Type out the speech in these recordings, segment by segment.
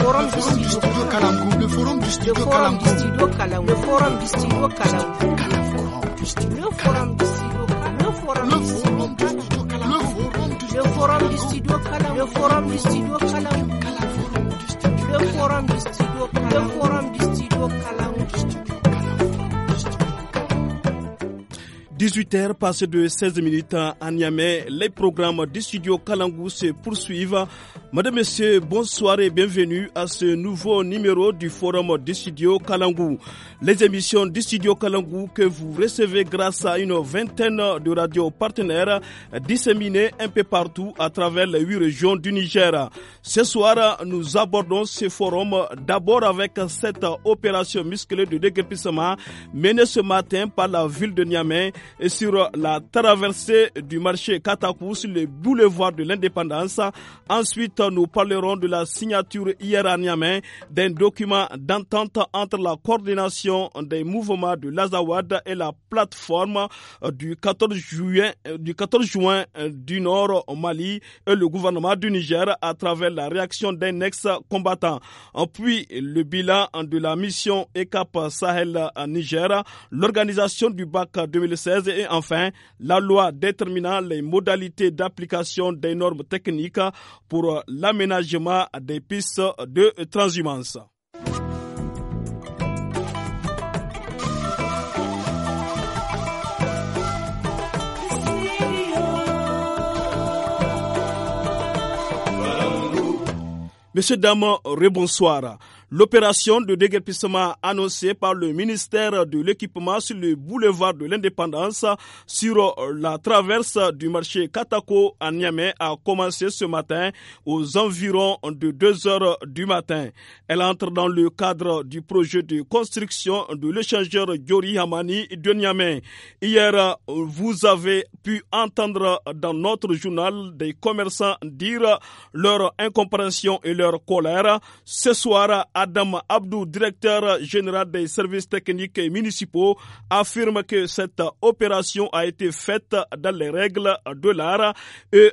forum du studio Kalamgou, le forum du studio Kalamgou, le forum du studio Kalamgou, le forum du studio Kalamgou, le forum du studio Kalamgou, le forum du studio Kalamgou, le forum du studio Kalamgou, le forum du studio Kalamgou, le forum du studio Kalamgou. 18h passé de 16 minutes à Niamey, les programmes du studio Kalangou se poursuivent Madame, Messieurs, bonsoir et bienvenue à ce nouveau numéro du Forum du Studio Kalangou. Les émissions du Studio Kalangou que vous recevez grâce à une vingtaine de radios partenaires disséminées un peu partout à travers les huit régions du Niger. Ce soir, nous abordons ce forum d'abord avec cette opération musclée de déguerpissement menée ce matin par la ville de Niamey et sur la traversée du marché Katakou sur le boulevard de l'indépendance. Ensuite, nous parlerons de la signature hier à Niamey d'un document d'entente entre la coordination des mouvements de l'Azawad et la plateforme euh, du 14 juin euh, du 14 juin euh, du Nord au Mali et le gouvernement du Niger à travers la réaction d'un ex-combattant. Puis le bilan de la mission ECAP Sahel à Niger, l'organisation du BAC 2016 et enfin la loi déterminant les modalités d'application des normes techniques pour l'aménagement des pistes de transhumance. Monsieur dames, rebonsoir. L'opération de déguerpissement annoncée par le ministère de l'équipement sur le boulevard de l'indépendance sur euh, la traverse du marché Katako à Niamey a commencé ce matin aux environs de 2 heures du matin. Elle entre dans le cadre du projet de construction de l'échangeur Gyori Hamani de Niamey. Hier, vous avez pu entendre dans notre journal des commerçants dire leur incompréhension et leur colère. Ce soir, Adam Abdou, directeur général des services techniques municipaux, affirme que cette opération a été faite dans les règles de l'art et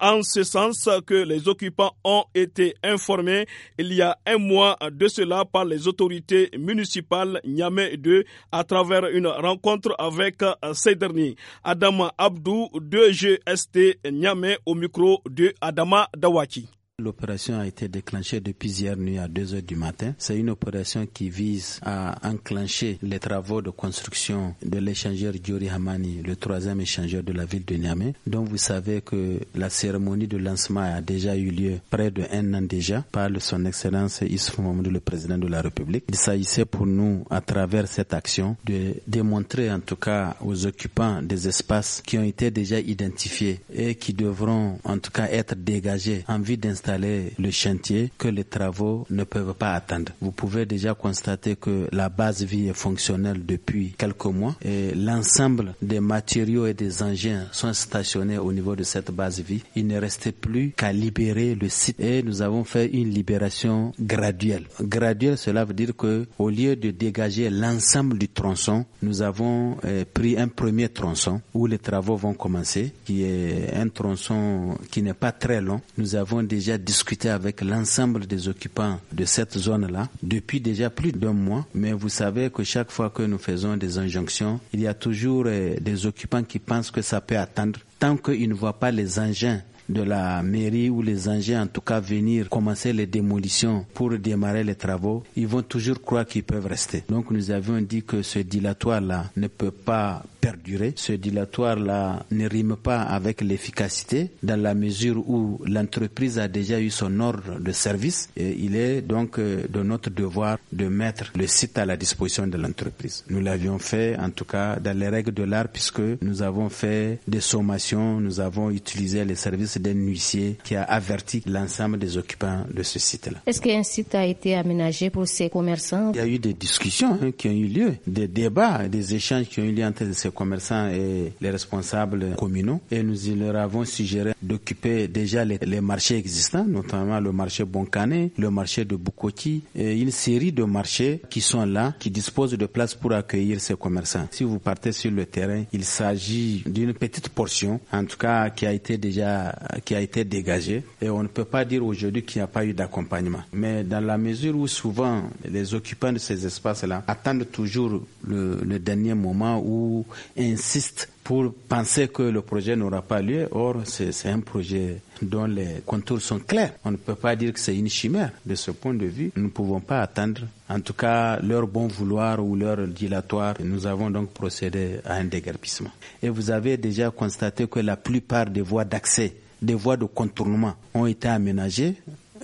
en ce sens que les occupants ont été informés il y a un mois de cela par les autorités municipales Niamey 2 à travers une rencontre avec ces derniers. Adam Abdou 2 GST Niamey au micro de Adama Dawaki. L'opération a été déclenchée depuis hier nuit à 2 heures du matin. C'est une opération qui vise à enclencher les travaux de construction de l'échangeur Diori Hamani, le troisième échangeur de la ville de Niamey, dont vous savez que la cérémonie de lancement a déjà eu lieu près de un an déjà par son Excellence Issoufou Mamoudou, le président de la République. Il s'agissait pour nous, à travers cette action, de démontrer en tout cas aux occupants des espaces qui ont été déjà identifiés et qui devront en tout cas être dégagés en vue d'installer le chantier que les travaux ne peuvent pas attendre. Vous pouvez déjà constater que la base vie est fonctionnelle depuis quelques mois et l'ensemble des matériaux et des engins sont stationnés au niveau de cette base vie. Il ne restait plus qu'à libérer le site et nous avons fait une libération graduelle. Graduelle, cela veut dire que au lieu de dégager l'ensemble du tronçon, nous avons eh, pris un premier tronçon où les travaux vont commencer, qui est un tronçon qui n'est pas très long. Nous avons déjà discuter avec l'ensemble des occupants de cette zone-là depuis déjà plus d'un mois. Mais vous savez que chaque fois que nous faisons des injonctions, il y a toujours euh, des occupants qui pensent que ça peut attendre tant qu'ils ne voient pas les engins de la mairie ou les engins en tout cas venir commencer les démolitions pour démarrer les travaux, ils vont toujours croire qu'ils peuvent rester. Donc nous avions dit que ce dilatoire-là ne peut pas perdurer. Ce dilatoire-là ne rime pas avec l'efficacité dans la mesure où l'entreprise a déjà eu son ordre de service et il est donc euh, de notre devoir de mettre le site à la disposition de l'entreprise. Nous l'avions fait en tout cas dans les règles de l'art puisque nous avons fait des sommations, nous avons utilisé les services d'un huissier qui a averti l'ensemble des occupants de ce site-là. Est-ce qu'un site a été aménagé pour ces commerçants Il y a eu des discussions hein, qui ont eu lieu, des débats, des échanges qui ont eu lieu entre ces commerçants et les responsables communaux. Et nous leur avons suggéré d'occuper déjà les, marchés existants, notamment le marché Boncané, le marché de Bukoti, et une série de marchés qui sont là, qui disposent de places pour accueillir ces commerçants. Si vous partez sur le terrain, il s'agit d'une petite portion, en tout cas qui a été déjà qui a été dégagée. Et on ne peut pas dire aujourd'hui qu'il n'y a pas eu d'accompagnement. Mais dans la mesure où souvent les occupants de ces espaces-là attendent toujours le, le dernier moment où insiste pour penser que le projet n'aura pas lieu. Or, c'est un projet dont les contours sont clairs. On ne peut pas dire que c'est une chimère. De ce point de vue, nous ne pouvons pas attendre, en tout cas, leur bon vouloir ou leur dilatoire. Nous avons donc procédé à un dégarpissement. Et vous avez déjà constaté que la plupart des voies d'accès des voies de contournement ont été aménagées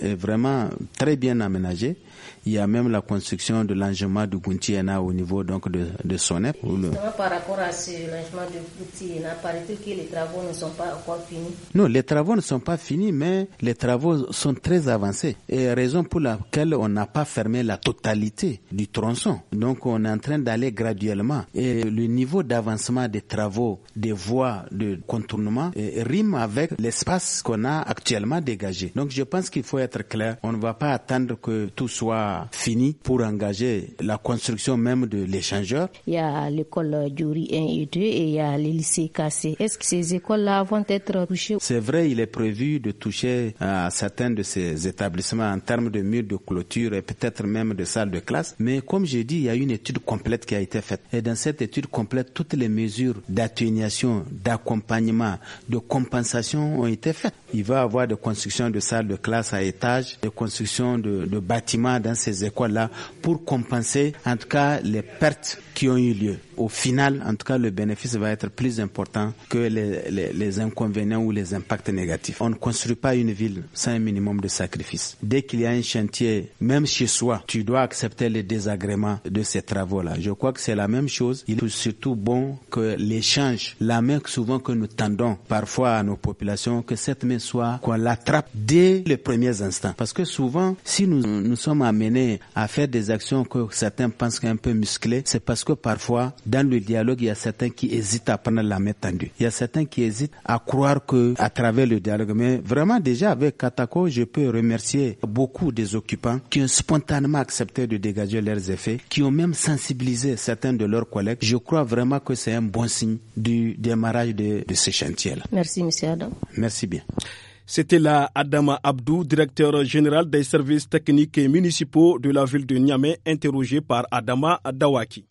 est vraiment très bien aménagé. Il y a même la construction de l'engement de Guntiena au niveau donc de, de Sonep. Par rapport à ce l'engement de Guntiena, paraît-il que les travaux ne sont pas encore finis Non, les travaux ne sont pas finis, mais les travaux sont très avancés. Et raison pour laquelle on n'a pas fermé la totalité du tronçon. Donc on est en train d'aller graduellement. Et le niveau d'avancement des travaux, des voies de contournement, rime avec l'espace qu'on a actuellement dégagé. Donc je pense qu'il faut être clair, on ne va pas attendre que tout soit fini pour engager la construction même de l'échangeur. Il y a l'école Djuri 1 et 2 et il y a les lycées cassés. Est-ce que ces écoles-là vont être touchées C'est vrai, il est prévu de toucher à euh, certains de ces établissements en termes de murs de clôture et peut-être même de salles de classe. Mais comme j'ai dit, il y a une étude complète qui a été faite. Et dans cette étude complète, toutes les mesures d'atténuation, d'accompagnement, de compensation ont été faites. Il va y avoir des construction de salles de classe à été de construction de, bâtiments dans ces écoles-là pour compenser en tout cas les pertes qui ont eu lieu. Au final, en tout cas, le bénéfice va être plus important que les, inconvénients ou les impacts négatifs. On ne construit pas une ville sans un minimum de sacrifices. Dès qu'il y a un chantier, même chez soi, tu dois accepter les désagréments de ces travaux-là. Je crois que c'est la même chose. Il est surtout bon que l'échange, la main souvent que nous tendons parfois à nos populations, que cette main soit qu'on l'attrape dès les premiers instants parce que souvent, si nous, nous sommes amenés à faire des actions que certains pensent qu'un peu musclées, c'est parce que parfois, dans le dialogue, il y a certains qui hésitent à prendre la main tendue. Il y a certains qui hésitent à croire que, à travers le dialogue, mais vraiment déjà avec Katako, je peux remercier beaucoup des occupants qui ont spontanément accepté de dégager leurs effets, qui ont même sensibilisé certains de leurs collègues. Je crois vraiment que c'est un bon signe du démarrage de, de ces chantiers-là. Merci, Monsieur Adam. Merci bien. C'était là Adama Abdou, directeur général des services techniques et municipaux de la ville de Niamey, interrogé par Adama Dawaki.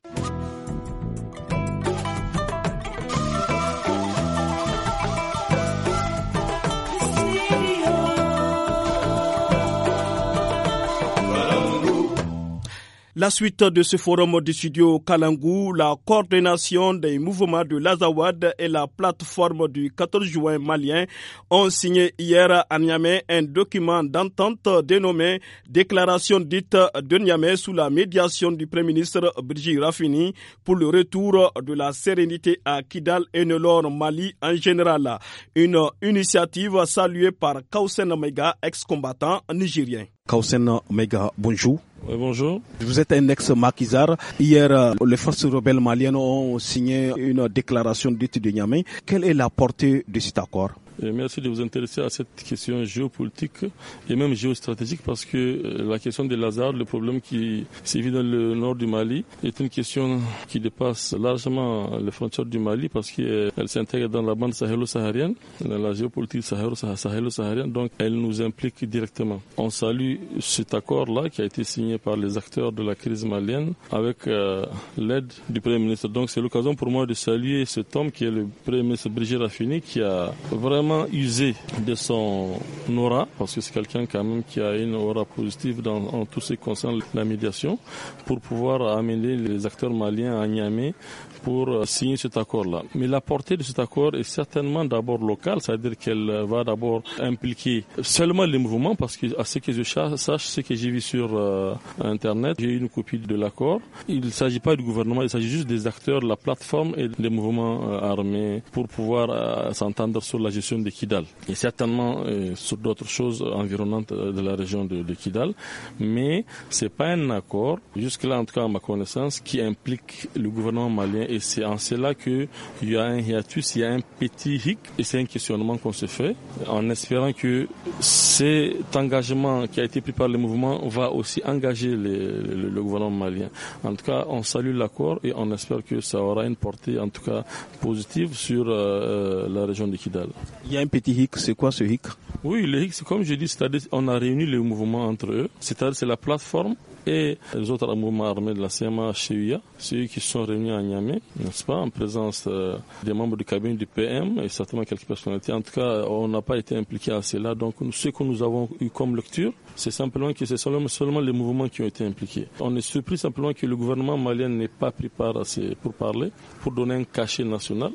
La suite de ce forum du studio Kalangou, la coordination des mouvements de l'Azawad et la plateforme du 14 juin malien ont signé hier à Niamey un document d'entente dénommé Déclaration dite de Niamey sous la médiation du Premier ministre Brigitte Raffini pour le retour de la sérénité à Kidal et Nelor, Mali en général. Une initiative saluée par Kausen Omega, ex-combattant nigérien. Kausen Omega, bonjour bonjour. Vous êtes un ex-maquisard. Hier, euh, les forces rebelles maliennes ont signé une déclaration dite de Niamey. Quelle est la portée de cet accord merci de vous intéresser à cette question géopolitique et même géostratégique parce que euh, la question de Lazare, le problème qui sévit dans le nord du Mali, est une question qui dépasse largement les frontières du Mali parce qu'elle euh, s'intègre dans la bande sahélo-saharienne, dans la géopolitique sahélo-saharienne, donc elle nous implique directement. On salue cet accord-là qui a été signé par les acteurs de la crise malienne avec euh, l'aide du Premier ministre. Donc c'est l'occasion pour moi de saluer cet homme qui est le Premier ministre Brigitte Raffini qui a vraiment usé de son aura, parce que c'est quelqu'un quand même qui a une aura positive dans, en tout ce qui concerne la médiation, pour pouvoir amener les acteurs maliens à Niamey pour euh, signer cet accord-là. Mais la portée de cet accord est certainement d'abord locale, c'est-à-dire qu'elle euh, va d'abord impliquer seulement les mouvements, parce que à ce que je sache, ce que j'ai vu sur euh, Internet, j'ai une copie de l'accord. Il ne s'agit pas du gouvernement, il s'agit juste des acteurs, la plateforme et des mouvements armés pour pouvoir s'entendre sur la gestion de Kidal et certainement euh, sur d'autres choses environnantes euh, de la région de, Kidal. Mais ce n'est pas un accord, jusque-là en tout cas à ma connaissance, qui implique le gouvernement malien et c'est en cela qu'il y a un hiatus, il y a un petit hic et c'est un questionnement qu'on se fait en espérant que cet engagement qui a été pris par le mouvement va aussi engager le, gouvernement malien. En tout cas, on salue l'accord et on espère que ça aura une portée en tout cas positive sur euh, la région de Kidal. Il y a un petit hic, c'est quoi ce hic Oui, le hic, c'est comme je dis, c'est-à-dire on a réuni les mouvements entre eux, c'est-à-dire c'est la plateforme et les autres mouvements armés de la CMA CUIA, ceux qui sont réunis à Niamey, n'est-ce pas, en présence euh, des membres du cabinet du PM et certainement quelques personnalités. En tout cas, on n'a pas été impliqué à cela. Donc, ce que nous avons eu comme lecture, c'est simplement que c'est seulement, les mouvements qui ont été impliqués. On est surpris simplement que le gouvernement malien n'ait pas pris part pour parler, pour donner un cachet national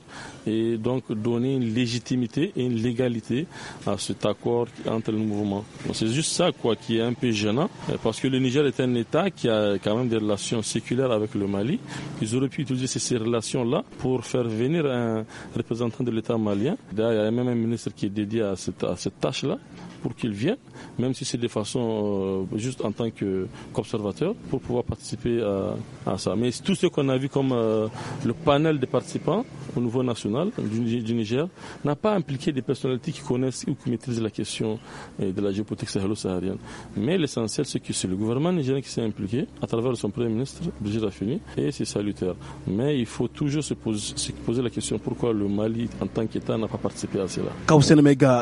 et donc donner une légitimité et une légalité à cet accord entre les mouvements. C'est juste ça, quoi, qui est un peu gênant, parce que le Niger est un qui a quand même des relations séculaires avec le Mali. Ils auraient pu utiliser ces relations-là pour faire venir un représentant de l'État malien. D'ailleurs, il y a même un ministre qui est dédié à cette tâche-là pour qu'ils viennent, même si c'est de façon euh, juste en tant qu'observateur, pour pouvoir participer à, à ça. Mais tout ce qu'on a vu comme euh, le panel des participants au niveau national du, Niger n'a pas impliqué des personnalités qui connaissent ou qui maîtrisent la question euh, de la géopolitique sahélo-saharienne. Mais l'essentiel, c'est que c'est le gouvernement nigérien qui s'est impliqué à travers son premier ministre, Brigitte Raffini, et c'est salutaire. Mais il faut toujours se poser, se poser la question pourquoi le Mali, en tant qu'État, n'a pas participé à cela.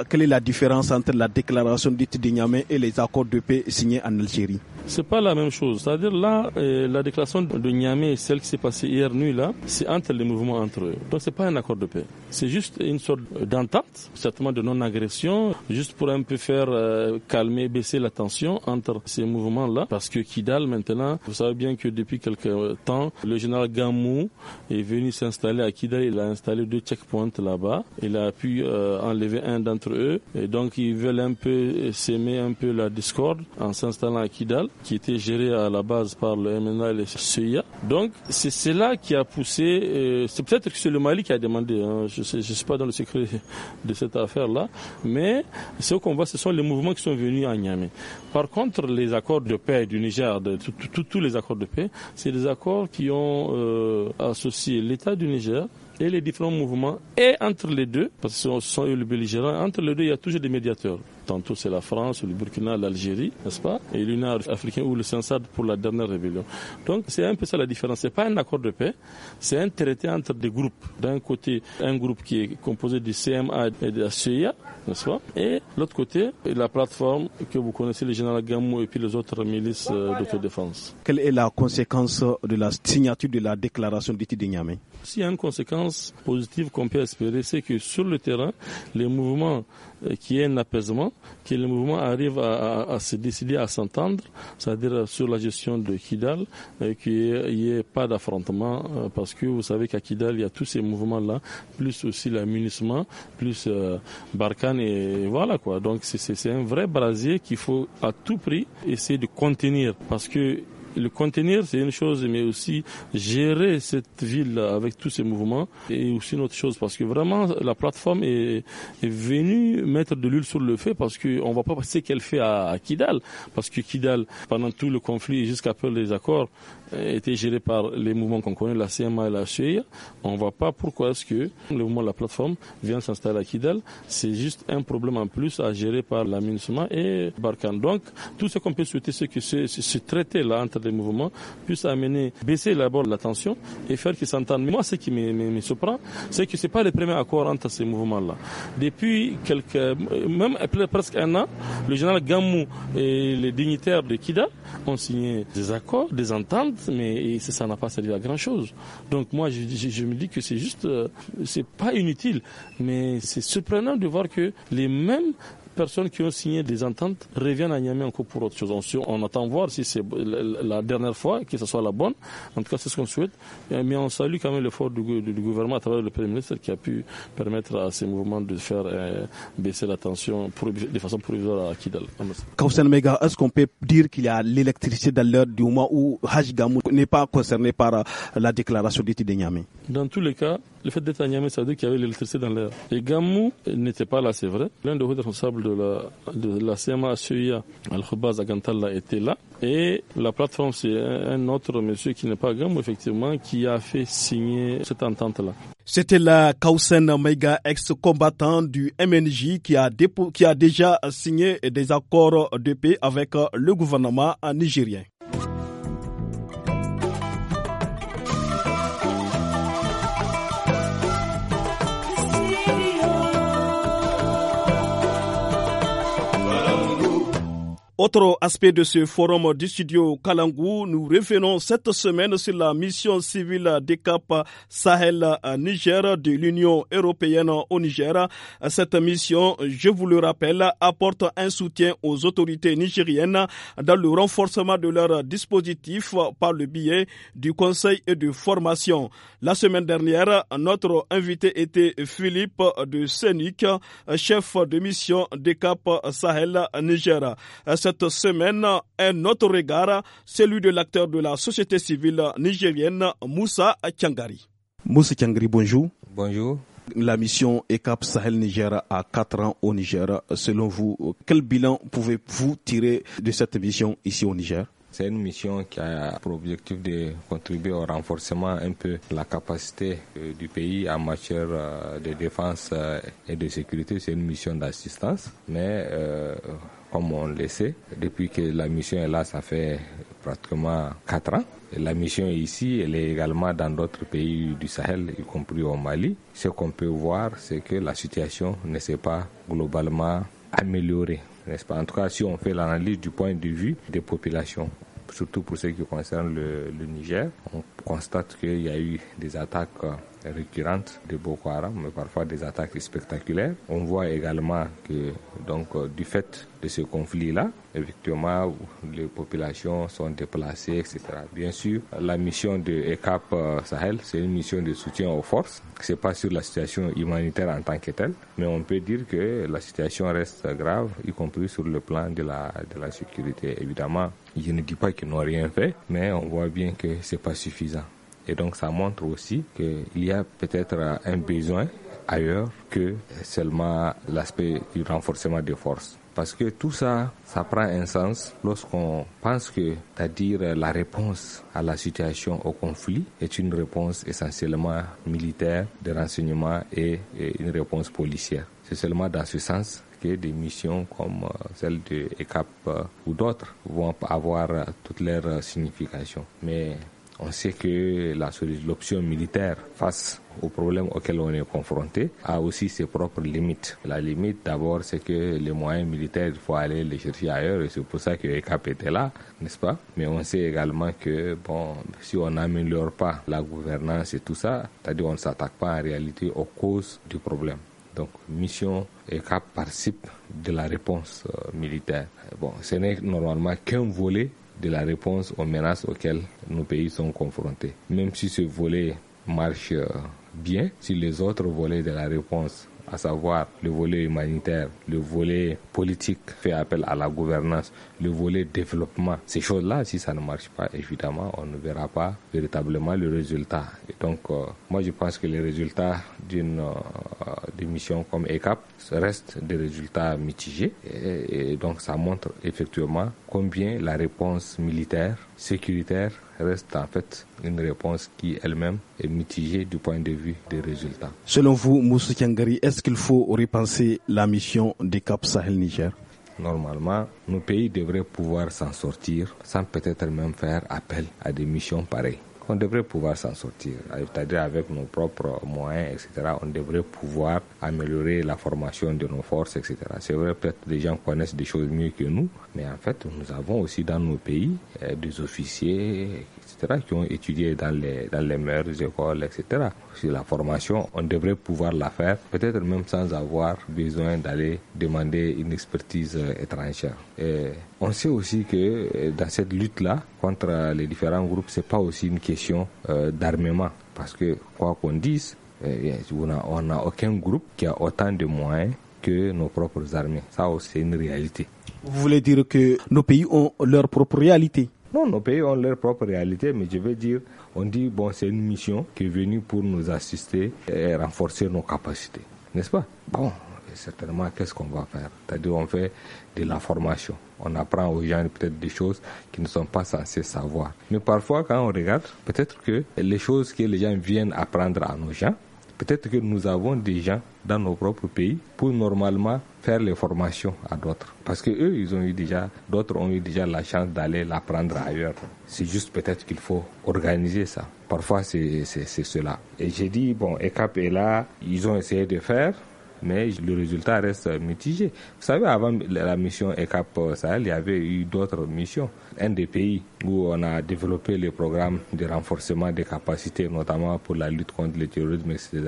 quelle est la différence entre la déclaration déclaration dite de Niamey et les accords de paix signés en Algérie c'est pas la même chose. C'est-à-dire là, euh, la déclaration de Niamey, celle qui s'est passée hier nuit là, c'est entre les mouvements entre eux. Donc c'est pas un accord de paix. C'est juste une sorte d'entente, certainement de non-agression, juste pour un peu faire euh, calmer, baisser la tension entre ces mouvements là. Parce que Kidal maintenant, vous savez bien que depuis quelques temps, le général Gamou est venu s'installer à Kidal. Il a installé deux checkpoints là-bas. Il a pu euh, enlever un d'entre eux. Et donc ils veulent un peu semer un peu la discorde en s'installant à Kidal qui était géré à la base par le MNA et le CIA. Donc c'est cela qui a poussé, euh, c'est peut-être que c'est le Mali qui a demandé, hein. je ne sais, suis pas dans le secret de cette affaire-là, mais ce qu'on voit, ce sont les mouvements qui sont venus à Niamey. Par contre, les accords de paix du Niger, tous les accords de paix, c'est des accords qui ont euh, associé l'État du Niger et les différents mouvements, et entre les deux, parce que ce sont eux les belligérants, entre les deux, il y a toujours des médiateurs. Tantôt c'est la France, le Burkina, l'Algérie, n'est-ce pas Et l'Union africaine ou le Sensad pour la dernière rébellion. Donc c'est un peu ça la différence. n'est pas un accord de paix, c'est un traité entre des groupes. D'un côté, un groupe qui est composé du CMA et de la CIA, n'est-ce pas Et l'autre côté, la plateforme que vous connaissez, le général Gamou et puis les autres milices euh, d'autodéfense. Quelle est la conséquence de la signature de la déclaration d'études s'il y a une conséquence positive qu'on peut espérer, c'est que sur le terrain, les mouvements euh, qui est un apaisement, que les mouvements arrivent à, se décider à s'entendre, c'est-à-dire sur la gestion de Kidal, euh, qu'il n'y ait pas d'affrontement, euh, parce que vous savez qu'à Kidal, il y a tous ces mouvements-là, plus aussi l'amunissement, plus Barkhane, et voilà quoi. Donc c'est un vrai brasier qu'il faut à tout prix essayer de contenir, parce que le contenir, c'est une chose, mais aussi gérer cette ville avec tous ces mouvements et aussi une autre chose, parce que vraiment, la plateforme est, venue mettre de l'huile sur le feu, parce qu'on ne va pas passer qu'elle fait à, Kidal, parce que Kidal, pendant tout le conflit jusqu'à peu les accords, euh, était géré par les mouvements qu'on connaît, la CMA et la CIA. On ne voit pas pourquoi est-ce que le mouvement de la plateforme vient s'installer à Kidal. C'est juste un problème en plus à gérer par la et Barkhane. Donc, tout ce qu'on peut souhaiter, c'est que ce, ce, traité-là entre les mouvements puisse amener, baisser d'abord la tension et faire qu'ils s'entendent. Moi, ce qui me, me, surprend, c'est que ce n'est pas le premier accord entre ces mouvements-là. Depuis quelques, euh, même presque un an, le général Gamou et les dignitaires de Kidal ont signé des accords, des ententes mais ça n'a pas servi à grand chose. Donc moi, je, me dis que c'est juste, euh, c'est pas inutile, mais c'est surprenant de voir que les mêmes personnes qui ont signé des ententes reviennent à Niamey encore pour autre chose. On, on attend voir si c'est la dernière fois, que ce soit la bonne. En tout cas, c'est ce qu'on souhaite. Euh, mais on salue quand même l'effort du, gouvernement à travers le Premier ministre qui a pu permettre à ces mouvements de faire euh, baisser la tension de façon provisoire à Kidal. Mega, est-ce qu'on peut dire qu'il y a l'électricité dans l'heure du moment où Haji Gamou n'est pas concerné par euh, la déclaration d'études de Niamey Dans tous les cas, le fait d'être à Niamey, ça veut dire qu'il y avait l'électricité dans l'air. Et Gamou n'était pas là, c'est vrai. L'un des responsables de la, de la CMA Suya Al-Khubaz était là. Et la plateforme, c'est un autre monsieur qui n'est pas Gamou, effectivement, qui a fait signer cette entente-là. C'était la Kausen Mega, ex-combattant du MNJ, qui a, qui a déjà signé des accords de paix avec le gouvernement nigérien. Autre aspect de ce forum du studio Kalangou, nous revenons cette semaine sur la mission civile des Cap Sahel à euh, Niger de l'Union européenne au Niger. Cette mission, je vous le rappelle, apporte un soutien aux autorités nigériennes dans le renforcement de leur dispositif par le biais du conseil et de formation. La semaine dernière, notre invité était Philippe de Sénic, chef de mission des Cap Sahel à Niger. Euh, cette semaine un autre regard, celui de l'acteur de la société civile nigérienne Moussa Tiangari. Moussa Tiangari, bonjour. Bonjour. La mission ECAP Sahel Niger a 4 ans au Niger. Selon vous, quel bilan pouvez-vous tirer de cette mission ici au Niger c'est une mission qui a pour objectif de contribuer au renforcement un peu de la capacité euh, du pays en matière euh, de défense euh, et de sécurité. C'est une mission d'assistance, mais comme on le sait. Depuis que la mission est là, ça fait pratiquement 4 ans. la mission est ici, elle est également dans d'autres pays du Sahel, y compris au Mali. Ce qu'on peut voir, c'est que la situation ne s'est pas globalement améliorée. N'est-ce pas En tout cas, si on fait l'analyse du point de vue des populations, surtout pour ce qui concerne le, le Niger, on constate qu'il y a eu des attaques récurrentes de Boko Haram, mais parfois des attaques spectaculaires. On voit également que, donc, euh, du fait de ce conflit-là, effectivement, les populations sont déplacées, etc. Bien sûr, la mission de ECAP euh, Sahel, c'est une mission de soutien aux forces. C'est pas sur la situation humanitaire en tant que telle, mais on peut dire que la situation reste grave, y compris sur le plan de la, de la sécurité. Évidemment, je ne dis pas qu'ils n'ont rien fait, mais on voit bien que c'est pas suffisant. Et donc ça montre aussi qu'il y a peut-être euh, un besoin ailleurs que seulement l'aspect du renforcement des forces. Parce que tout ça, ça prend un sens lorsqu'on pense que, c'est-à-dire euh, la réponse à la situation au conflit est une réponse essentiellement militaire de renseignement et, une réponse policière. C'est seulement dans ce sens que des missions comme euh, celle de ECAP ou d'autres vont avoir toutes leur signification. Mais on sait que l'option militaire face aux problèmes auxquels on est confronté a aussi ses propres limites. La limite d'abord c'est que les moyens militaires, il faut aller les chercher ailleurs et c'est pour ça que l'ECAP était là, n'est-ce pas Mais on sait également que bon, si on n'améliore pas la gouvernance et tout ça, c'est-à-dire on ne s'attaque pas en réalité aux causes du problème. Donc, mission ECAP participe de la réponse euh, militaire. Bon, ce n'est normalement qu'un volet de la réponse aux menaces auxquelles nos pays sont confrontés. Même si ce volet marche euh, bien, si les autres volets de la réponse à savoir le volet humanitaire, le volet politique fait appel à la gouvernance, le volet développement. Ces choses-là, si ça ne marche pas, évidemment, on ne verra pas véritablement le résultat. Et donc, euh, moi, je pense que les résultats d'une euh, mission comme ECAP restent des résultats mitigés. et donc, ça montre effectivement combien la réponse militaire sécuritaire reste en fait une réponse qui elle-même est mitigée du point de vue des résultats. Selon vous, Moussa Tiangari, est-ce qu'il faut repenser la mission des Cap Sahel-Niger Normalement, nos pays devraient pouvoir s'en sortir sans peut-être même faire appel à des missions pareilles on devrait pouvoir s'en sortir. C'est-à-dire avec nos propres moyens, etc., on devrait pouvoir améliorer la formation de nos forces, etc. C'est vrai, peut-être les gens connaissent des choses mieux que nous, mais en fait, nous avons aussi dans nos pays euh, des officiers qui ont étudié dans les, dans les meilleures écoles, etc. Sur la formation, on devrait pouvoir la faire, peut-être même sans avoir besoin d'aller demander une expertise euh, étrangère. Et on sait aussi que euh, dans cette lutte-là contre euh, les différents groupes, c'est pas aussi une question d'armement, parce que quoi qu'on dise, eh on n'a aucun groupe qui a autant de moyens que nos propres armées. Ça, aussi, c'est une réalité. Vous voulez dire que nos pays ont leur propre réalité non, nos pays ont leur propre réalité, mais je veux dire, on dit, bon, c'est une mission qui est venue pour nous assister et renforcer nos capacités. N'est-ce pas Bon, certainement, qu'est-ce qu'on va faire C'est-à-dire, on fait de la formation. On apprend aux gens peut-être des choses qu'ils ne sont pas censés savoir. Mais parfois, quand on regarde, peut-être que les choses que les gens viennent apprendre à nos gens, Peut-être que nous avons des gens dans nos propres pays pour normalement faire les formations à d'autres. Parce que eux, ils ont eu déjà, d'autres ont eu déjà la chance d'aller l'apprendre ailleurs. C'est juste peut-être qu'il faut organiser ça. Parfois, c'est cela. Et j'ai dit, bon, ECAP est là, ils ont essayé de faire, mais le résultat reste mitigé. Vous savez, avant la mission ECAP euh, Sahel, il y avait eu d'autres missions. Un des pays où on a développé les programmes de renforcement des capacités, notamment pour la lutte contre le terrorisme, etc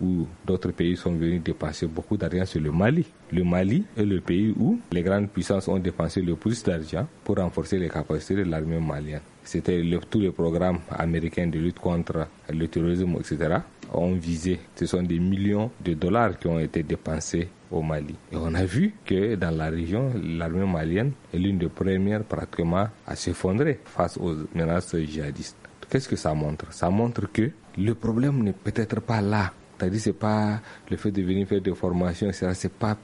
où d'autres pays sont venus dépenser beaucoup d'argent sur le Mali. Le Mali est le pays où les grandes puissances ont dépensé le plus d'argent pour renforcer les capacités de l'armée malienne. C'était le, tous les programmes américains de lutte contre le terrorisme, etc. ont visé. Ce sont des millions de dollars qui ont été dépensés au Mali. Et on a vu que dans la région, l'armée malienne est l'une des premières pratiquement à s'effondrer face aux menaces djihadistes. Qu'est-ce que ça montre Ça montre que le problème n'est peut-être pas là cest à c'est pas le fait de venir faire des formations, c'est pas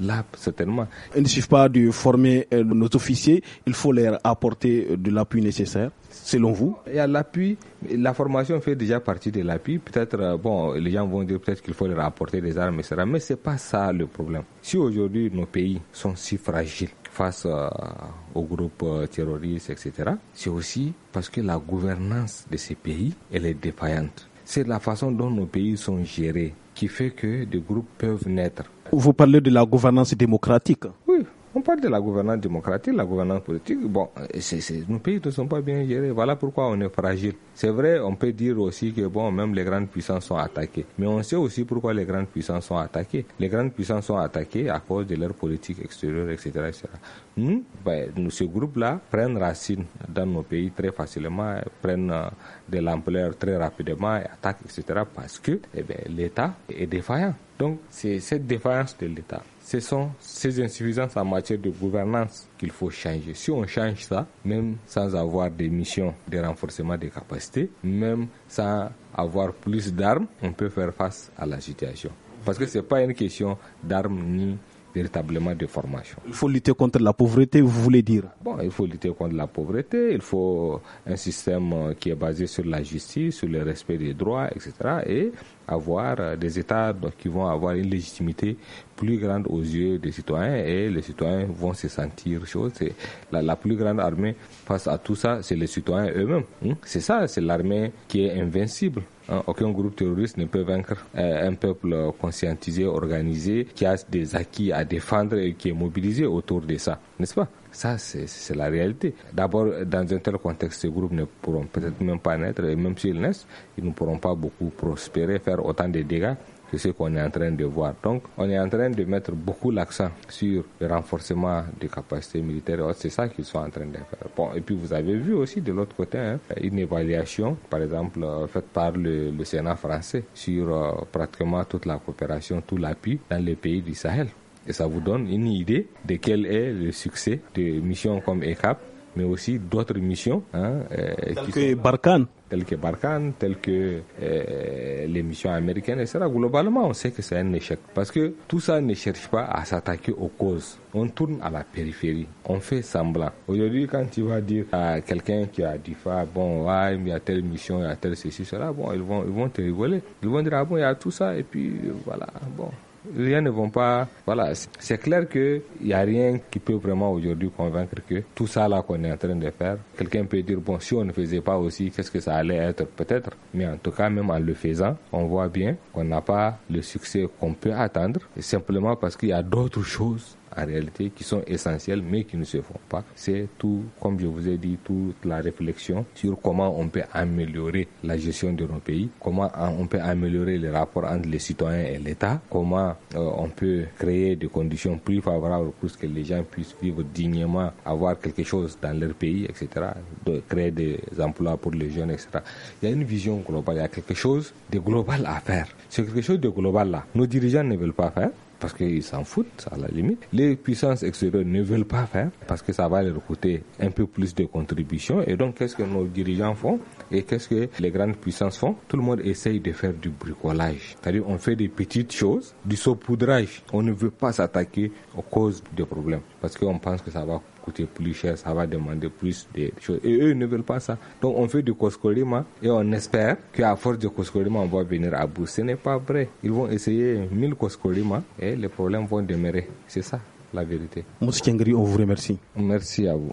là, certainement. Il ne suffit pas de former euh, nos officiers, il faut leur apporter euh, de l'appui nécessaire, selon vous Il y a l'appui, la formation fait déjà partie de l'appui. Peut-être, euh, bon, les gens vont dire peut-être qu'il faut leur apporter des armes, etc. Mais c'est pas ça le problème. Si aujourd'hui nos pays sont si fragiles, face aux groupes terroristes, etc. C'est aussi parce que la gouvernance de ces pays, elle est défaillante c'est la façon dont nos pays sont gérés qui fait que des groupes peuvent naître. Vous parlez de la gouvernance démocratique. Oui, on parle de la gouvernance démocratique, la gouvernance politique. Bon, nos pays ne sont pas bien gérés. Voilà pourquoi on est fragile. C'est vrai, on peut dire aussi que bon, même les grandes puissances sont attaquées. Mais on sait aussi pourquoi les grandes puissances sont attaquées. Les grandes puissances sont attaquées à cause de leur politique extérieure, etc., ben, ce groupe-là prennent racine dans nos pays très facilement, prennent euh, de l'ampleur très rapidement, attaquent, etc. Parce que eh l'État est défaillant. Donc, c'est cette défaillance de l'État ce sont ces insuffisances en matière de gouvernance qu'il faut changer. Si on change ça, même sans avoir des missions de renforcement des capacités, même sans avoir plus d'armes, on peut faire face à la situation. Parce que ce n'est pas une question d'armes ni véritablement de formation. Il faut lutter contre la pauvreté, vous voulez dire Bon, il faut lutter contre la pauvreté, il faut un système euh, qui est basé sur la justice, sur le respect des droits, etc. Et avoir euh, des États qui vont avoir une légitimité plus grande aux yeux des citoyens et les citoyens vont se sentir chose. La, plus grande armée face à tout ça, c'est les citoyens eux-mêmes. Hein. C'est ça, c'est l'armée qui est invincible. Hein. Aucun groupe terroriste ne peut vaincre euh, un peuple conscientisé, organisé, qui a des acquis à défendre et qui est mobilisé autour de ça, n'est-ce pas ça, c'est la réalité. D'abord, dans un tel contexte, ces groupes ne pourront peut-être même pas naître, et même s'ils naissent, ils ne pourront pas beaucoup prospérer, faire autant de dégâts c'est ce qu'on est en train de voir. Donc, on est en train de mettre beaucoup l'accent sur le renforcement des capacités militaires. C'est ça qu'ils sont en train de faire. et puis vous avez vu aussi de l'autre côté hein, une évaluation, par exemple, euh, faite par le, le Sénat français sur euh, pratiquement toute la coopération, tout l'appui dans les pays du Sahel. Et ça vous donne une idée de quel est le succès des missions comme ECAP mais aussi d'autres missions. Hein, euh, telles que Barkhane. Telles que Barkhane, telles que euh, les missions américaines, etc. Globalement, on sait que c'est un échec. Parce que tout ça ne cherche pas à s'attaquer aux causes. On tourne à la périphérie. On fait semblant. Aujourd'hui, quand tu vas dire à quelqu'un qui a dit, bon, il y a telle mission, il y a telle ceci, cela, bon, ils vont, ils vont te rigoler. Ils vont dire, ah bon, il y a tout ça, et puis voilà, bon rien ne va pas. Voilà, c'est clair qu'il n'y a rien qui peut vraiment aujourd'hui convaincre que tout ça là qu'on est en train de faire, quelqu'un peut dire, bon, si on ne faisait pas aussi, qu'est-ce que ça allait être peut-être Mais en tout cas, même en le faisant, on voit bien qu'on n'a pas le succès qu'on peut attendre, simplement parce qu'il y a d'autres choses en réalité qui sont essentielles mais qui ne se font pas. C'est tout, comme je vous ai dit, toute la réflexion sur comment on peut améliorer la gestion de nos pays, comment on peut améliorer les rapports entre les citoyens et l'État, comment euh, on peut créer des conditions plus favorables pour que les gens puissent vivre dignement, avoir quelque chose dans leur pays, etc., de créer des emplois pour les jeunes, etc. Il y a une vision globale, il y a quelque chose de global à faire. C'est quelque chose de global là. Nos dirigeants ne veulent pas faire parce qu'ils s'en foutent à la limite. Les puissances extérieures ne veulent pas faire parce que ça va leur coûter un peu plus de contributions. Et donc, qu'est-ce que nos dirigeants font et qu'est-ce que les grandes puissances font Tout le monde essaye de faire du bricolage. C'est-à-dire on fait des petites choses, du saupoudrage. On ne veut pas s'attaquer aux causes des problèmes parce qu'on pense que ça va coûter plus cher, ça va demander plus de choses. Et eux, ils ne veulent pas ça. Donc, on fait du coscolima et on espère qu'à force de coscolima, on va venir à bout. Ce n'est pas vrai. Ils vont essayer 1000 coscolima et les problèmes vont demeurer. C'est ça, la vérité. Kengri, on vous remercie. Merci à vous.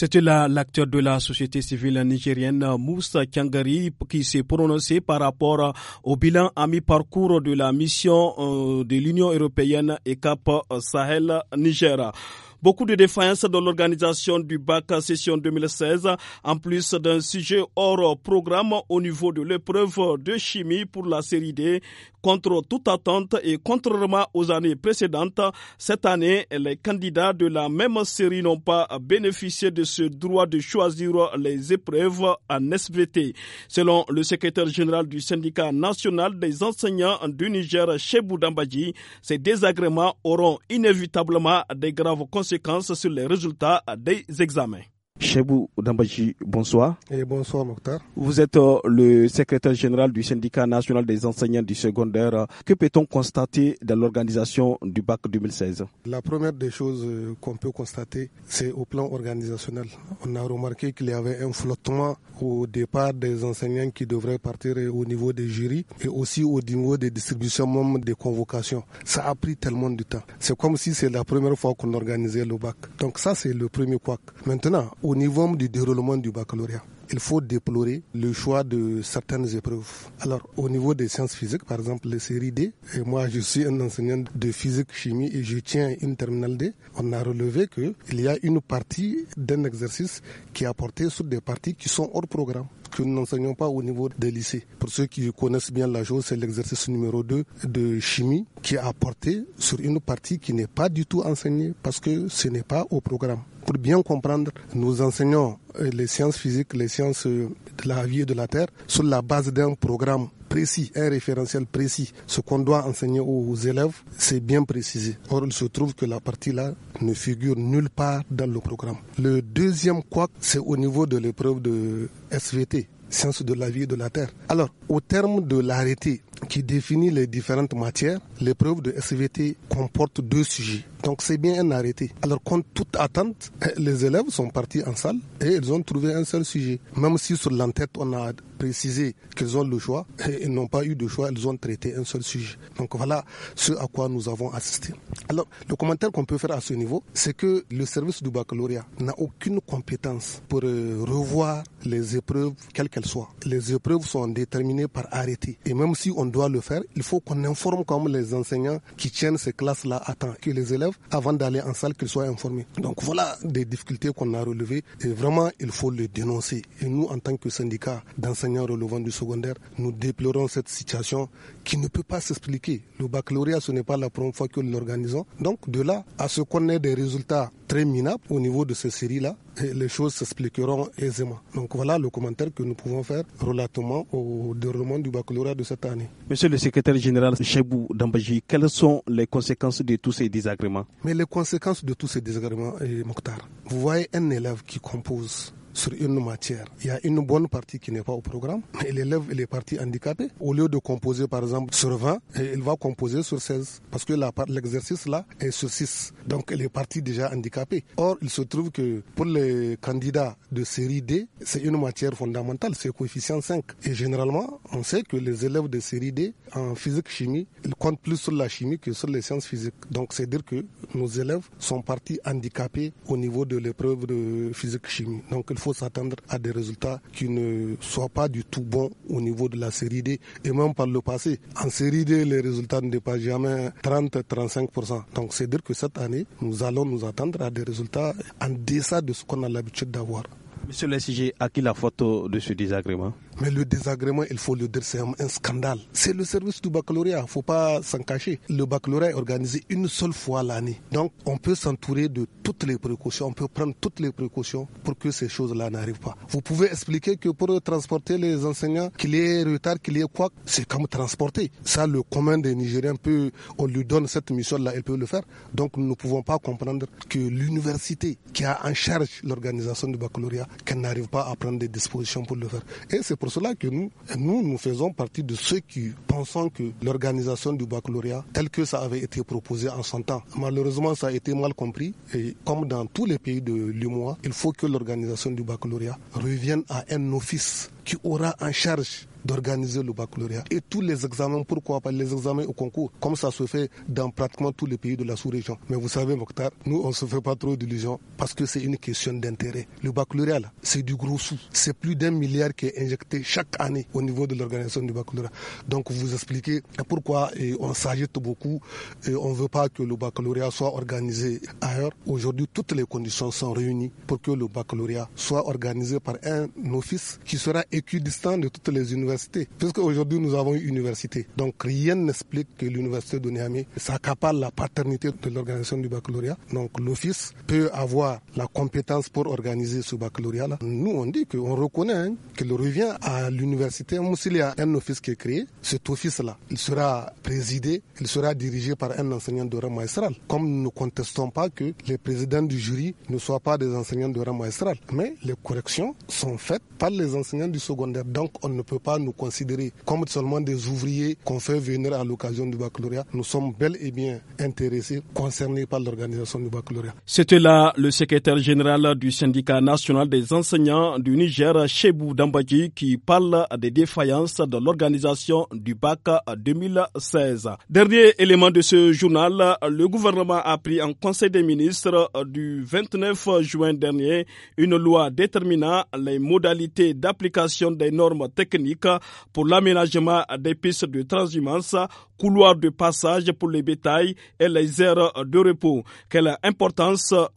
C'était l'acteur de la société civile nigérienne Moussa Kangari qui s'est prononcé par rapport au bilan à mi-parcours de la mission euh, de l'Union européenne et Cap Sahel Niger. Beaucoup de défaillances dans l'organisation du bac session 2016, en plus d'un sujet hors programme au niveau de l'épreuve de chimie pour la série D. Contre toute attente et contrairement aux années précédentes, cette année, les candidats de la même série n'ont pas bénéficié de ce droit de choisir les épreuves en SVT. Selon le secrétaire général du syndicat national des enseignants du Niger, Chebou Dambadji, ces désagréments auront inévitablement des graves conséquences conséquences sur les résultats des examens. Chebou Dambaji, bonsoir. Et bonsoir, Mokhtar. Vous êtes euh, le secrétaire général du syndicat national des enseignants du secondaire. Que peut-on constater dans l'organisation du bac 2016 La première des choses euh, qu'on peut constater, c'est au plan organisationnel. On a remarqué qu'il y avait un flottement au départ des enseignants qui devraient partir au niveau des jurys et aussi au niveau des distributions même des convocations. Ça a pris tellement de temps. C'est comme si c'est la première fois qu'on organisait le bac. Donc ça, c'est le premier couac. Maintenant, au niveau du déroulement du baccalauréat, il faut déplorer le choix de certaines épreuves. Alors, au niveau des sciences physiques, par exemple, les séries D, et moi je suis un enseignant de physique chimie et je tiens une terminale D, on a relevé qu'il y a une partie d'un exercice qui est porté sur des parties qui sont hors programme que nous n'enseignons pas au niveau des lycées. Pour ceux qui connaissent bien la chose, c'est l'exercice numéro 2 de chimie qui est apporté sur une partie qui n'est pas du tout enseignée parce que ce n'est pas au programme. Pour bien comprendre, nous enseignons euh, les sciences physiques, les sciences euh, de la vie et de la terre sur la base d'un programme précis, un référentiel précis. Ce qu'on doit enseigner aux élèves, c'est bien précisé. Or, il se trouve que la partie-là ne figure nulle part dans le programme. Le deuxième quoi, c'est au niveau de l'épreuve de SVT, sciences de la vie et de la terre. Alors, au terme de l'arrêté qui définit les différentes matières, l'épreuve de SVT comporte deux sujets. Donc c'est bien un arrêté. Alors contre toute attente, eh, les élèves sont partis en salle et ils ont trouvé un seul sujet. Même si sur l'entête on a Préciser qu'ils ont le choix et elles n'ont pas eu de choix, ils ont traité un seul sujet. Donc voilà ce à quoi nous avons assisté. Alors, le commentaire qu'on peut faire à ce niveau, c'est que le service du baccalauréat n'a aucune compétence pour euh, revoir les épreuves, quelles qu'elles soient. Les épreuves sont déterminées par arrêté. Et même si on doit le faire, il faut qu'on informe comme les enseignants qui tiennent ces classes-là à que les élèves, avant d'aller en salle, qu'ils soient informés. Donc voilà des difficultés qu'on a relevées. Et vraiment, il faut le dénoncer. Et nous, en tant que syndicat d'enseignants, relevant du secondaire. Nous déplorons cette situation qui ne peut pas s'expliquer. Le baccalauréat, ce n'est pas la première fois que l'organisons. Donc, de là à ce qu'on ait des résultats très minables au niveau de ces séries-là, eh, les choses s'expliqueront aisément. Donc, voilà le commentaire que nous pouvons faire relativement au déroulement du baccalauréat de cette année. Monsieur le secrétaire général Chebou Dambaji, quelles sont les conséquences de tous ces désagréments Mais les conséquences de tous ces désagréments, eh, Mokhtar, vous voyez un élève qui compose sur une matière. Il y a une bonne partie qui n'est pas au programme. Et l'élève, il est parti handicapé. Au lieu de composer, par exemple, sur 20, il va composer sur 16. Parce que l'exercice, là, est sur 6. Donc, il est parti déjà handicapé. Or, il se trouve que pour les candidats de série D, c'est une matière fondamentale, c'est coefficient 5. Et généralement, on sait que les élèves de série D, en physique-chimie, ils comptent plus sur la chimie que sur les sciences physiques. Donc, c'est dire que nos élèves sont partis handicapés au niveau de l'épreuve de physique-chimie. Donc, il faut s'attendre à des résultats qui ne soient pas du tout bons au niveau de la série D et même par le passé. En série D, les résultats ne dépassent jamais 30-35%. Donc c'est dire que cette année, nous allons nous attendre à des résultats en deçà de ce qu'on a l'habitude d'avoir. Monsieur le CG, à qui la photo de ce désagrément mais le désagrément, il faut le dire, c'est un, scandale. C'est le service du baccalauréat, faut pas s'en cacher. Le baccalauréat est organisé une seule fois l'année. Donc, on peut s'entourer de toutes les précautions, on peut prendre toutes les précautions pour que ces choses-là n'arrivent pas. Vous pouvez expliquer que pour transporter les enseignants, qu'il y ait retard, qu'il y ait quoi, c'est comme transporter. Ça, le commun des Nigériens peut, on lui donne cette mission-là, il peut le faire. Donc, nous ne pouvons pas comprendre que l'université qui a en charge l'organisation du baccalauréat, qu'elle n'arrive pas à prendre des dispositions pour le faire. Et c'est pour pour cela que nous, nous, nous faisons partie de ceux qui pensons que l'organisation du baccalauréat, telle que ça avait été proposé en son temps, malheureusement, ça a été mal compris. Et comme dans tous les pays de l'UMOA, il faut que l'organisation du baccalauréat revienne à un office qui aura en charge d'organiser le baccalauréat. Et tous les examens, pourquoi pas les examens au concours, comme ça se fait dans pratiquement tous les pays de la sous-région. Mais vous savez, Mokhtar, nous, on ne se fait pas trop d'illusions parce que c'est une question d'intérêt. Le baccalauréat, c'est du gros sou. C'est plus d'un milliard qui est injecté chaque année au niveau de l'organisation du baccalauréat. Donc, vous expliquez pourquoi eh, on s'agite beaucoup et on ne veut pas que le baccalauréat soit organisé ailleurs. Aujourd'hui, toutes les conditions sont réunies pour que le baccalauréat soit organisé par un office qui sera équidistant de toutes les universités puisque aujourd'hui nous avons une université. Donc rien n'explique que l'université de Niamey s'accapare la paternité de l'organisation du baccalauréat. Donc l'office peut avoir la compétence pour organiser ce baccalauréat. -là. Nous on dit qu'on reconnaît hein, qu'il revient à l'université. S'il y a un office qui est créé, cet office-là, il sera présidé, il sera dirigé par un enseignant de rang maestral. Comme nous ne contestons pas que les présidents du jury ne soient pas des enseignants de rang maestral, mais les corrections sont faites par les enseignants du secondaire. Donc on ne peut pas nous considérer comme seulement des ouvriers qu'on fait venir à l'occasion du baccalauréat. Nous sommes bel et bien intéressés, concernés par l'organisation du baccalauréat. C'était là le secrétaire général du syndicat national des enseignants du Niger, Chebou Dambadji, qui parle des défaillances de l'organisation du bac 2016. Dernier élément de ce journal, le gouvernement a pris en Conseil des ministres du 29 juin dernier une loi déterminant les modalités d'application des normes techniques pour l'aménagement des pistes de transhumance, couloirs de passage pour les bétails et les aires de repos. Quelle,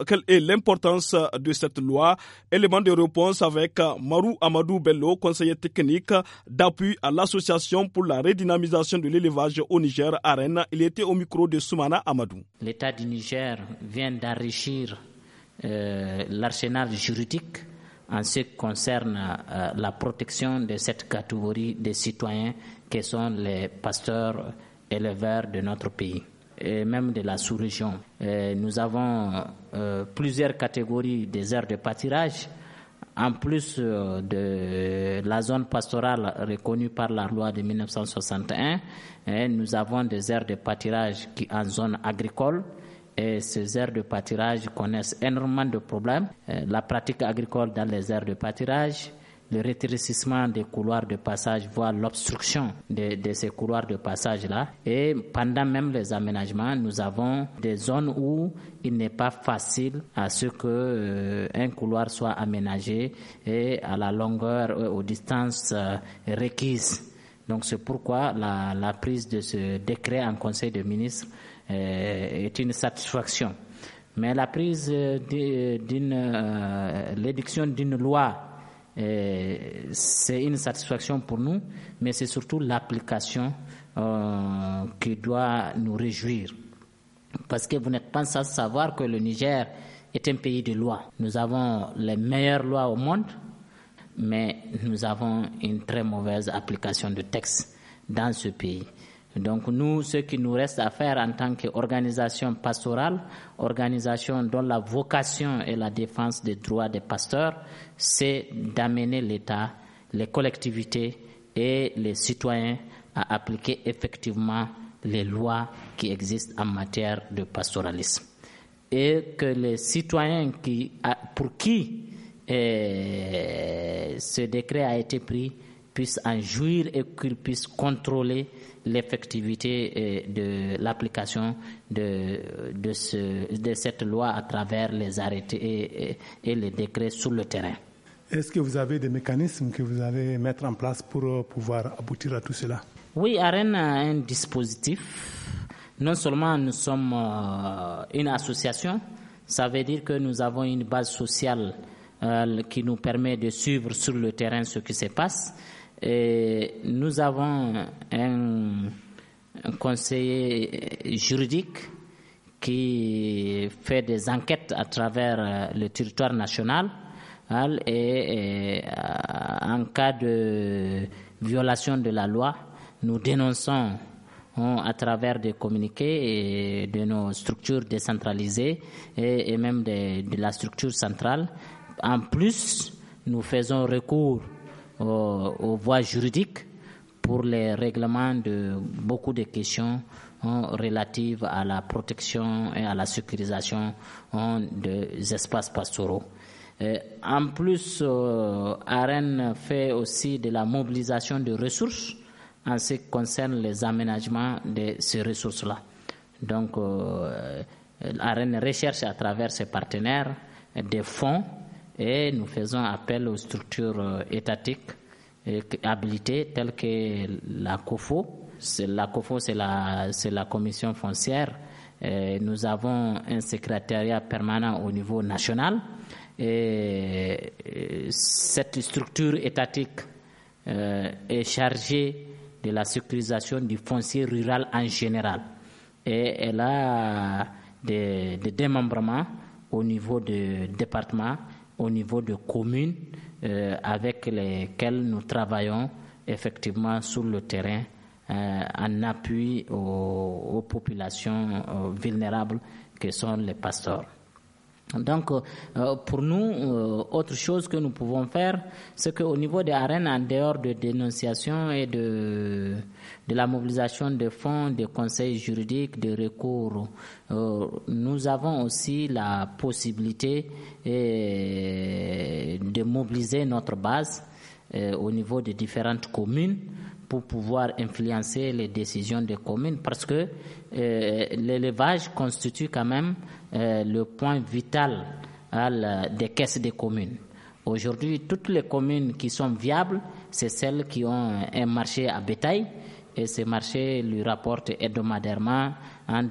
quelle est l'importance de cette loi Élément de réponse avec Marou Amadou Bello, conseiller technique d'appui à l'association pour la redynamisation de l'élevage au Niger, à Il était au micro de Soumana Amadou. L'État du Niger vient d'enrichir euh, l'arsenal juridique en ce qui concerne euh, la protection de cette catégorie de citoyens qui sont les pasteurs et les éleveurs de notre pays et même de la sous-région. Nous avons euh, plusieurs catégories des aires de pâturage. En plus euh, de la zone pastorale reconnue par la loi de 1961, nous avons des aires de pâturage qui, en zone agricole et ces aires de pâturage connaissent énormément de problèmes. Euh, la pratique agricole dans les aires de pâturage, le rétrécissement des couloirs de passage, voire l'obstruction de, ces couloirs de passage-là. Et pendant même les aménagements, nous avons des zones où il n'est pas facile à ce que euh, un couloir soit aménagé et à la longueur, aux distances euh, requises. Donc c'est pourquoi la, prise de ce décret en Conseil de ministres euh, est une satisfaction. Mais la prise euh, euh, d'une, l'édiction d'une loi, c'est une satisfaction pour nous, mais c'est surtout l'application qui doit nous réjouir. Parce que vous n'êtes pas sans savoir que le Niger est un pays de loi. Nous avons les meilleures lois au monde, mais nous avons une très mauvaise application de texte dans ce pays. Donc nous, ce qui nous reste à faire en tant qu'organisation pastorale, organisation dont la vocation est la défense des droits des pasteurs, c'est d'amener l'État, les collectivités et les citoyens à appliquer effectivement les lois qui existent en matière de pastoralisme. Et que les citoyens qui, pour qui eh, ce décret a été pris puissent en jouir et qu'ils puissent contrôler l'effectivité euh, de l'application de, de, ce, de, cette loi à travers les arrêtés et, et les décrets sur le terrain. Est-ce que vous avez des mécanismes que vous allez mettre en place pour euh, pouvoir aboutir à tout cela Oui, AREN a un dispositif. Non seulement nous sommes euh, une association, ça veut dire que nous avons une base sociale qui nous permet de suivre sur le terrain ce qui se passe nous avons un, conseiller juridique qui fait des enquêtes à travers euh, le territoire national hein, et, euh, en cas de violation de la loi, nous dénonçons hein, à travers des communiqués de nos structures décentralisées et, même de, la structure centrale. En plus, nous faisons recours aux voies juridiques pour les règlements de beaucoup de questions hein, relatives à la protection et à la sécurisation hein, des espaces pastoraux. en plus, euh, AREN fait aussi de la mobilisation de ressources en ce qui concerne les aménagements de ces ressources-là. Donc, euh, AREN recherche à travers ses partenaires des fonds et nous faisons appel aux structures euh, étatiques euh, habilitées telles que la COFO. La COFO, c'est la, commission foncière. Euh, nous avons un secrétariat permanent au niveau national. Et cette structure étatique est chargée de la sécurisation du foncier rural en général. Et elle a des, des démembrements au niveau du département au niveau de communes euh, avec lesquelles nous travaillons effectivement sur le terrain euh, en appui aux, aux populations euh, vulnérables que sont les pasteurs. Donc, euh, pour nous, euh, autre chose que nous pouvons faire, c'est qu'au niveau des arènes, en dehors de dénonciation et de, de la mobilisation de fonds, de conseils juridiques, de recours, euh, nous avons aussi la possibilité de mobiliser notre base au niveau des différentes communes pour pouvoir influencer les décisions des communes parce que euh, l'élevage constitue quand même euh, le point vital des caisses des communes. Aujourd'hui, toutes les communes qui sont viables, c'est celles qui ont un marché à bétail, et ce marché lui rapporte hebdomadairement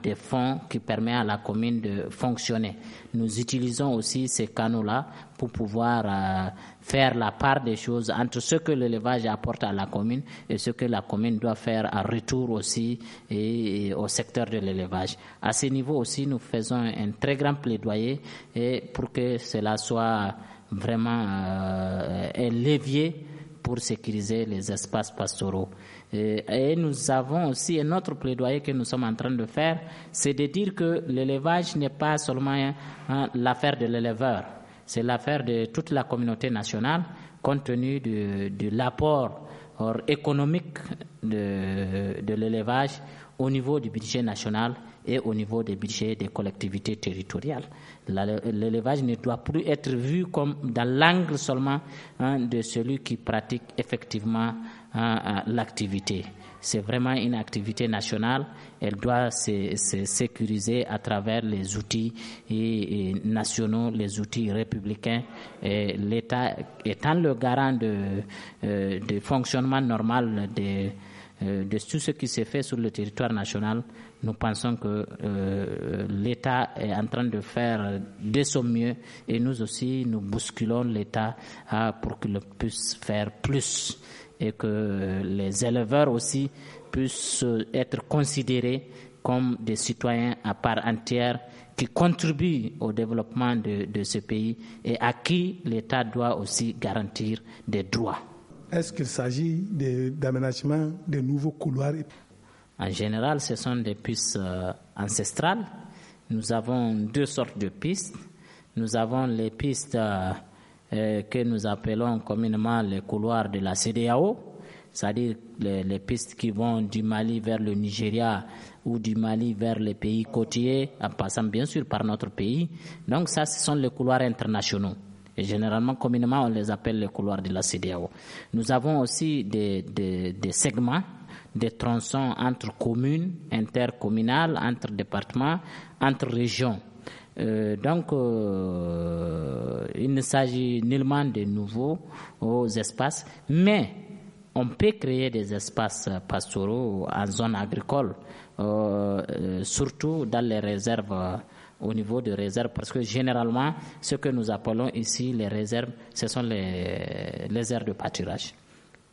des fonds qui permettent à la commune de fonctionner. Nous utilisons aussi ces canaux-là pour pouvoir euh, faire la part des choses entre ce que l'élevage apporte à la commune et ce que la commune doit faire en retour aussi et, au secteur de l'élevage. À ce niveau aussi, nous faisons un très grand plaidoyer et pour que cela soit vraiment euh, un levier pour sécuriser les espaces pastoraux. Et, nous avons aussi un autre plaidoyer que nous sommes en train de faire, c'est de dire que l'élevage n'est pas seulement hein, l'affaire de l'éleveur, c'est l'affaire de toute la communauté nationale, compte tenu de, l'apport économique de, l'élevage au niveau du budget national et au niveau des budgets des collectivités territoriales. L'élevage ne doit plus être vu comme dans l'angle seulement hein, de celui qui pratique effectivement à l'activité. C'est vraiment une activité nationale. Elle doit se, se sécuriser à travers les outils et, nationaux, les outils républicains. L'État étant le garant de, euh, de fonctionnement normal euh, de tout ce qui se fait sur le territoire national, nous pensons que euh, l'État est en train de faire de son mieux et nous aussi, nous bousculons l'État ah, pour qu'il puisse faire plus et que les éleveurs aussi puissent être considérés comme des citoyens à part entière qui contribuent au développement de, ce pays et à qui l'État doit aussi garantir des droits. Est-ce qu'il s'agit d'aménagement de nouveaux couloirs En général, ce sont des pistes euh, ancestrales. Nous avons deux sortes de pistes. Nous avons les pistes euh, euh, que nous appelons communément les couloirs de la CDAO, c'est-à-dire les, pistes qui vont du Mali vers le Nigeria ou du Mali vers les pays côtiers, en passant bien sûr par notre pays. Donc ça, ce sont les couloirs internationaux. Et généralement, communément, on les appelle les couloirs de la CDAO. Nous avons aussi des, des, des segments, des tronçons entre communes, intercommunales, entre départements, entre régions euh, donc, euh, il ne s'agit nullement de nouveaux espaces, mais on peut créer des espaces pastoraux en zone agricole, euh, surtout dans les réserves au niveau des réserves, parce que généralement, ce que nous appelons ici les réserves, ce sont les, les aires de pâturage.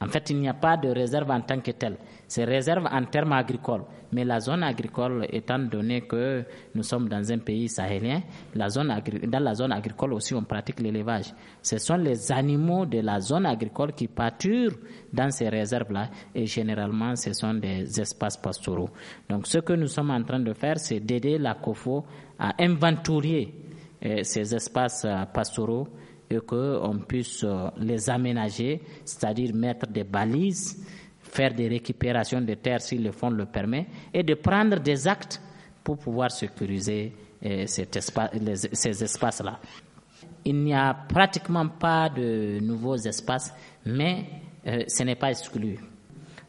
En fait, il n'y a pas de réserve en tant que telle. C'est réserve en termes agricoles. Mais la zone agricole, étant donné que nous sommes dans un pays sahélien, dans la zone agricole aussi, on pratique l'élevage. Ce sont les animaux de la zone agricole qui pâturent dans ces réserves-là. Et généralement, ce sont des espaces pastoraux. Donc, ce que nous sommes en train de faire, c'est d'aider la COFO à inventorier euh, ces espaces euh, pastoraux et qu'on puisse euh, les aménager, c'est-à-dire mettre des balises, faire des récupérations de terres si le fonds le permet, et de prendre des actes pour pouvoir sécuriser euh, ces espaces-là. Il n'y a pratiquement pas de nouveaux espaces, mais euh, ce n'est pas exclu.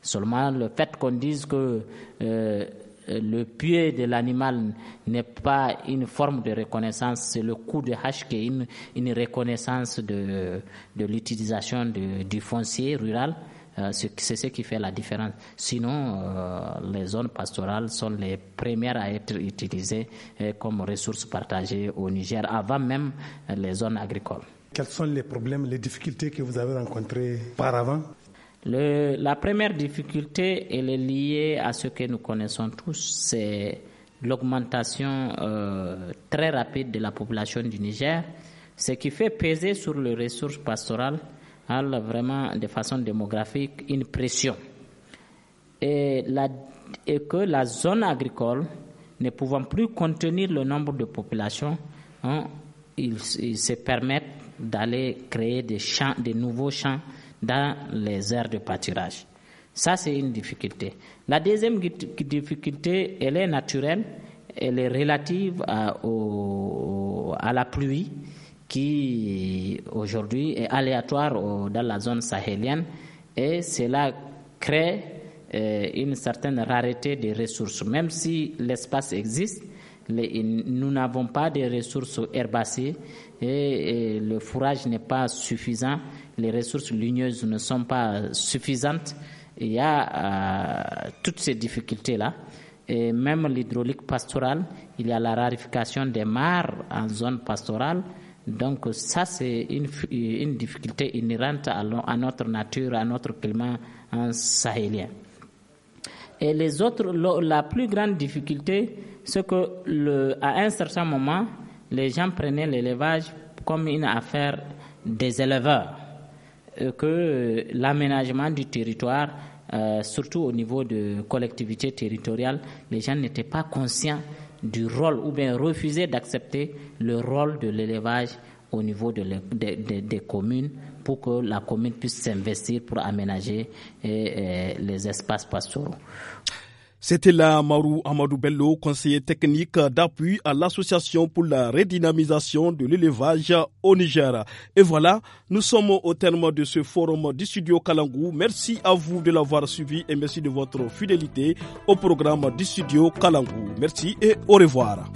Seulement le fait qu'on dise que euh, euh, le pied de l'animal n'est pas une forme de reconnaissance, c'est le coup de hache qui est une, reconnaissance de, l'utilisation du foncier rural. Euh, c'est ce qui fait la différence. Sinon, euh, les zones pastorales sont les premières à être utilisées comme ressources partagées au Niger, avant même les zones agricoles. Quels sont les problèmes, les difficultés que vous avez rencontrées auparavant la première difficulté, elle est liée à ce que nous connaissons tous, c'est l'augmentation euh, très rapide de la population du Niger, ce qui fait peser sur les ressources pastorales hein, vraiment de façon démographique une pression. Et, que la zone agricole, ne pouvant plus contenir le nombre de populations, ils, hein, ils se permettent d'aller créer des champs, des nouveaux champs dans les aires de pâturage. Ça, c'est une difficulté. La deuxième difficulté, elle est naturelle, elle est relative à, la pluie qui aujourd'hui est aléatoire dans la zone sahélienne et cela crée euh, une certaine rareté des ressources. Même si l'espace existe, nous n'avons pas de ressources herbacées et, le fourrage n'est pas suffisant. Les ressources ligneuses ne sont pas suffisantes. Il y a euh, toutes ces difficultés-là. Et même l'hydraulique pastorale, il y a la rarification des mares en zone pastorale. Donc ça, c'est une, difficulté inhérente à notre nature, à notre climat hein, sahélien. Et les autres, la plus grande difficulté, c'est que à un certain moment, les gens prenaient l'élevage comme une affaire des éleveurs, euh, que euh, l'aménagement du territoire, euh, surtout au niveau de collectivités territoriales, les gens n'étaient pas conscients du rôle ou bien refusaient d'accepter le rôle de l'élevage au niveau des communes pour que la commune puisse s'investir pour aménager eh, eh, les espaces pastoraux. C'était là Marou Amadou Bello, conseiller technique d'appui à l'Association pour la redynamisation de l'élevage au Niger. Et voilà, nous sommes au terme de ce forum du studio Kalangou. Merci à vous de l'avoir suivi et merci de votre fidélité au programme du studio Kalangou. Merci et au revoir.